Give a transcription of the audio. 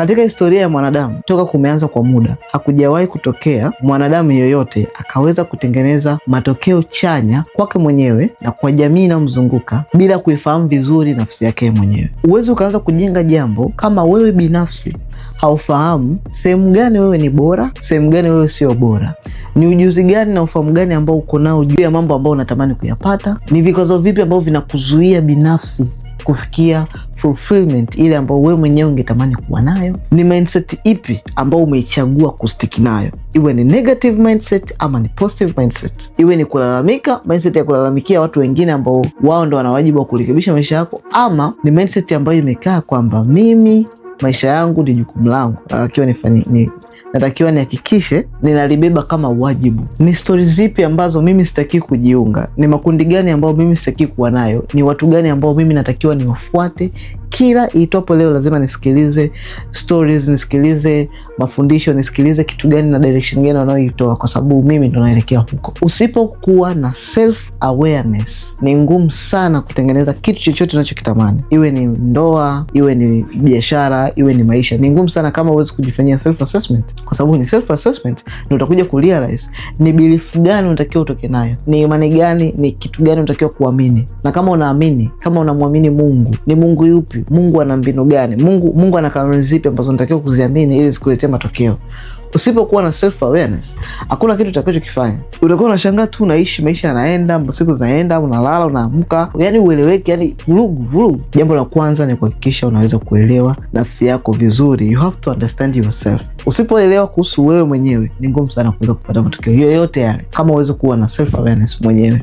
Katika historia ya mwanadamu toka kumeanza kwa muda, hakujawahi kutokea mwanadamu yoyote akaweza kutengeneza matokeo chanya kwake mwenyewe na kwa jamii inayomzunguka bila kuifahamu vizuri nafsi yake mwenyewe. Huwezi ukaanza kujenga jambo kama wewe binafsi haufahamu sehemu gani wewe ni bora, sehemu gani wewe sio bora, ni ujuzi gani na ufahamu gani ambao uko nao juu ya mambo ambayo unatamani kuyapata, ni vikwazo vipi ambavyo vinakuzuia binafsi kufikia fulfillment ile ambayo wewe mwenyewe ungetamani kuwa nayo? Ni mindset ipi ambayo umeichagua kustiki nayo, iwe ni negative mindset ama ni positive mindset, iwe ni kulalamika, mindset ya kulalamikia watu wengine ambao wao ndo wana wajibu wa kurekebisha maisha yako, ama ni mindset ambayo imekaa kwamba mimi maisha yangu ni jukumu langu, natakiwa nifanye ni, natakiwa nihakikishe ninalibeba kama wajibu. Ni stori zipi ambazo mimi sitakii kujiunga? Ni makundi gani ambayo mimi sitakii kuwa nayo? Ni watu gani ambao mimi natakiwa niwafuate kila itopo leo lazima nisikilize stories, nisikilize mafundisho, nisikilize kitu gani na direction gani wanayoitoa, kwa sababu mimi ndo naelekea huko. Usipokuwa na self awareness, ni ngumu sana kutengeneza kitu chochote unachokitamani, iwe ni ndoa, iwe ni biashara, iwe ni maisha. Ni ngumu sana kama uwezi kujifanyia self assessment, kwa sababu ni self assessment ndio utakuja kurealize ni belief gani unatakiwa utoke nayo, ni imani gani, ni kitu gani unatakiwa kuamini, na kama unaamini, kama unamwamini Mungu, ni Mungu yupi vipi? Mungu ana mbinu gani? Mungu, Mungu ana kanuni zipi ambazo natakiwa kuziamini ili zikuletea matokeo? Usipokuwa na self awareness, hakuna kitu utakachokifanya. Utakuwa unashangaa tu, unaishi maisha yanaenda, siku zinaenda, unalala, unaamka, yani ueleweki, yani vurugu vurugu. Jambo la kwanza ni kuhakikisha unaweza kuelewa nafsi yako vizuri, you have to understand yourself. Usipoelewa kuhusu wewe mwenyewe, ni ngumu sana kuweza kupata matokeo yoyote yale, kama uweze kuwa na self awareness mwenyewe.